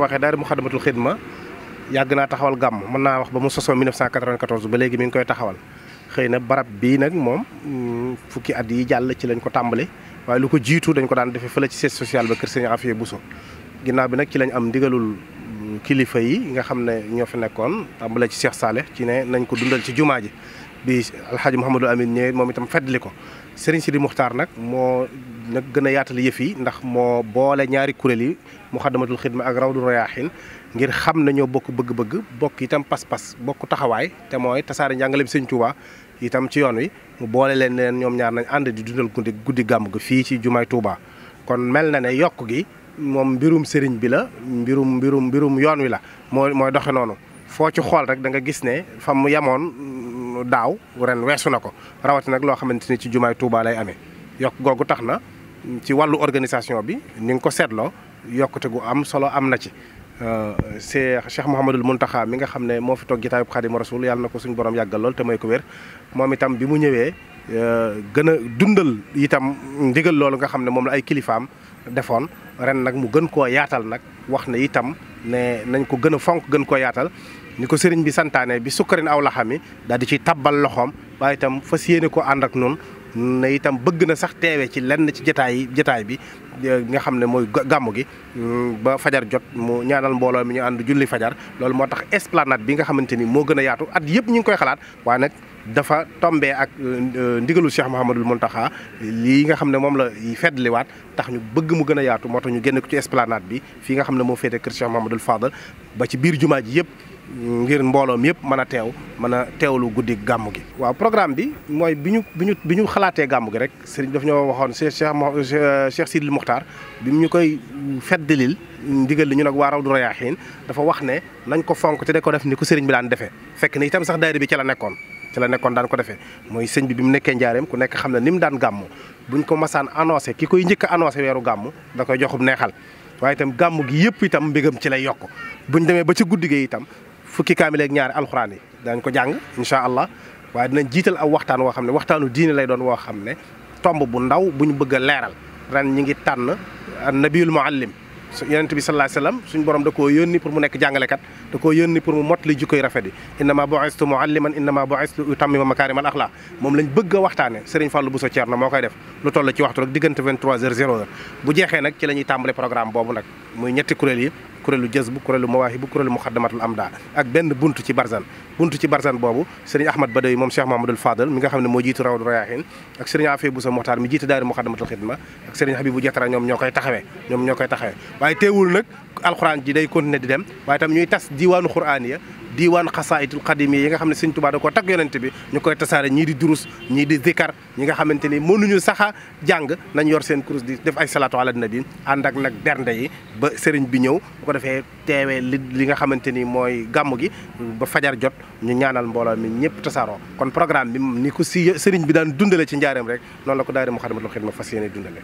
waxee daara Muxaddamatul Xidma yàgg naa taxawal gàmm mën naa wax ba mu sosoo 1994 ba léegi mi ngi koy taxawal xëy na barab bii nag moom mm, fukki at yi jàll ci lañ ko tàmbale waaye lu ko jiitu dañ ko daan defee fële ci siège social ba kër Serigne Afia Bousso ginnaaw bi nag ci lañ am ndigalul mm, kilifa yi nga xam ne ñoo fi nekkoon tàmbale ci Cheikh Saleh ci ne nañ ko dundal ci jumaa ji bi alxaaji Mouhamadou Amine ñëwee moom itam feddli ko Serigne Sidi Muxtaar nag moo nag gën a yaatal yëf yi ndax moo boole ñaari kuréel yi Muxaddamatul Xidma ak Rawdu Rayaaxin ngir xam ne bokk bëgg-bëgg bokk itam pas-pas bokk taxawaay te mooy tasaare njàngaleem Sëñ Tuubaa itam ci yoon wi mu boole leen leen ñoom ñaar nañ ànd di dundal guddi guddi gàmm gi fii ci jumaay Tuubaa kon mel na ne yokk gi moom mbirum sëriñ bi la mbirum mbirum mbirum yoon wi la moo mooy noonu foo ci xool rek da nga gis ne fa woon daaw ren weesu na ko rawati nag loo xamante ni ci jumaay Touba lay amee yokk googu tax na ci wàllu organisation bi ni nga ko seetloo yokkute gu am solo am na ci euh, c'est Cheikh Mouhamadul Mountakha mi nga xam ne moo fi toog jitaayub Xaadimu Rasuul yàlla na ko suñu borom yàggal lool te may ko wér moom itam bi mu ñëwee Euh, gën a dundal itam ndigal loolu nga xam ne moom la ay kilifaam defoon ren nag mu gën koo yaatal nag wax ne itam ne nañ ko gën a fonk gën koo yaatal ni ko sëriñ bi santaane bi sukkarin aw laxam yi daal di ci tabbal loxoom waaye itam fas yéene ko ànd ak noonu ne itam bëgg na sax teewee ci lenn ci jataay jataay bi euh, nga xam ne mooy gàmmu gi mm, ba fajar jot mu ñaanal mbooloo mi ñu ànd julli fajar loolu moo tax esplanade bi nga xamante ni moo gën a yaatu at yëpp ñu koy xalaat waaye nag dafa tombee ak euh, euh, ndigalu Cheikh Mouhamadul Mountakha lii nga xam ne moom la feddliwaat tax ñu bëgg mu gën a yaatu moo tax ñu génne ko ci esplanade bi fii nga xam ne moo féete kër Cheikh Mouhamadul Fadal ba ci biir jumaa ji yëpp ngir mbooloom yëpp mën a teew mën a teewalu guddi gàmm gi. waaw programme bi mooy bi ñu bi ñu bi ñu xalaatee gàmm gi rek sëriñ daf ñoo waxoon Cheikh Cheikh Sidil Muxtaar bi ñu koy feddlil ndigal li ñu nag waa Rawdu Rayaaxiin dafa wax ne nañ ko fonk te de ko def ni ko bi daan defee fekk itam sax daayira bi ci la nekkoon. ci la nekkoon daan ko defee mooy sëñ bi bi mu nekkee njaareem ku nekk xam ne ni mu daan gàmm buñ ko masaan annoncé ki koy njëkk a annoncé weeru gàmm da koy joxub neexal waaye itam gàmm gi yëpp itam mbégam ci lay yokk bu ñu demee ba ci guddi gi itam fukki kaamil ak ñaari alxuraan yi dañ ko jàng incha allah waaye dina jiital aw waxtaan woo xam ne waxtaanu diine lay doon woo xam ne tomb bu ndaw bu ñu bëgg a leeral ren ñi ngi tànn nabiyul muallim yonent bi sallallahu alayhi wasallam suñ borom da koo yónni pour mu nekk jàngalekat da koo yónni pour mu mottali jikkoy rafet yi innama bu'istu mu'alliman innama bu'istu utammima makaarimal axlaaq moom lañ bëgg a waxtaane Serigne Fallou Bousso Thierno moo koy def lu toll ci waxtu rek diggante 23 heures 0 heure bu jeexee nag ci la ñuy tàmbale programme boobu nag muy ñetti kuréel yi kuréelu jës bu kuréelu mawaahi bu kuréelu muxaddamatul ak benn bunt ci barzan bunt ci barzan boobu sëriñ ahmad badoy moom cheikh mahamadul fadal mi nga xam ne moo jiitu rawdu rayahin ak sëriñ afee sa moxtaar mi jiitu daari muxaddamatul xidma ak sëriñ habibu jatara ñoom ñoo koy taxawee waaye teewul nag alxuraan ji day continuer di dem waaye tam ñuy tas diwaanu xuraan diiwaan xasaayidul xadim yi nga xam ne sëñ Tuubaa da koo tag yonent bi ñu koy tasaare ñii di durus ñii di zikar ñi nga xamante ni mënuñu saxa jàng nañ yor seen kurus di def ay salaatu ala nabi ànd ak nag bernde yi ba sëriñ bi ñëw bu ko defee teewee li li nga xamante ni mooy gàmm gi ba fajar jot ñu ñaanal mbooloo mi ñëpp tasaaroo kon programme bi ni ko si sëriñ bi daan dundale ci njaareem rek noonu la ko daayira Muxaddamatul Xidma fas yéene dundale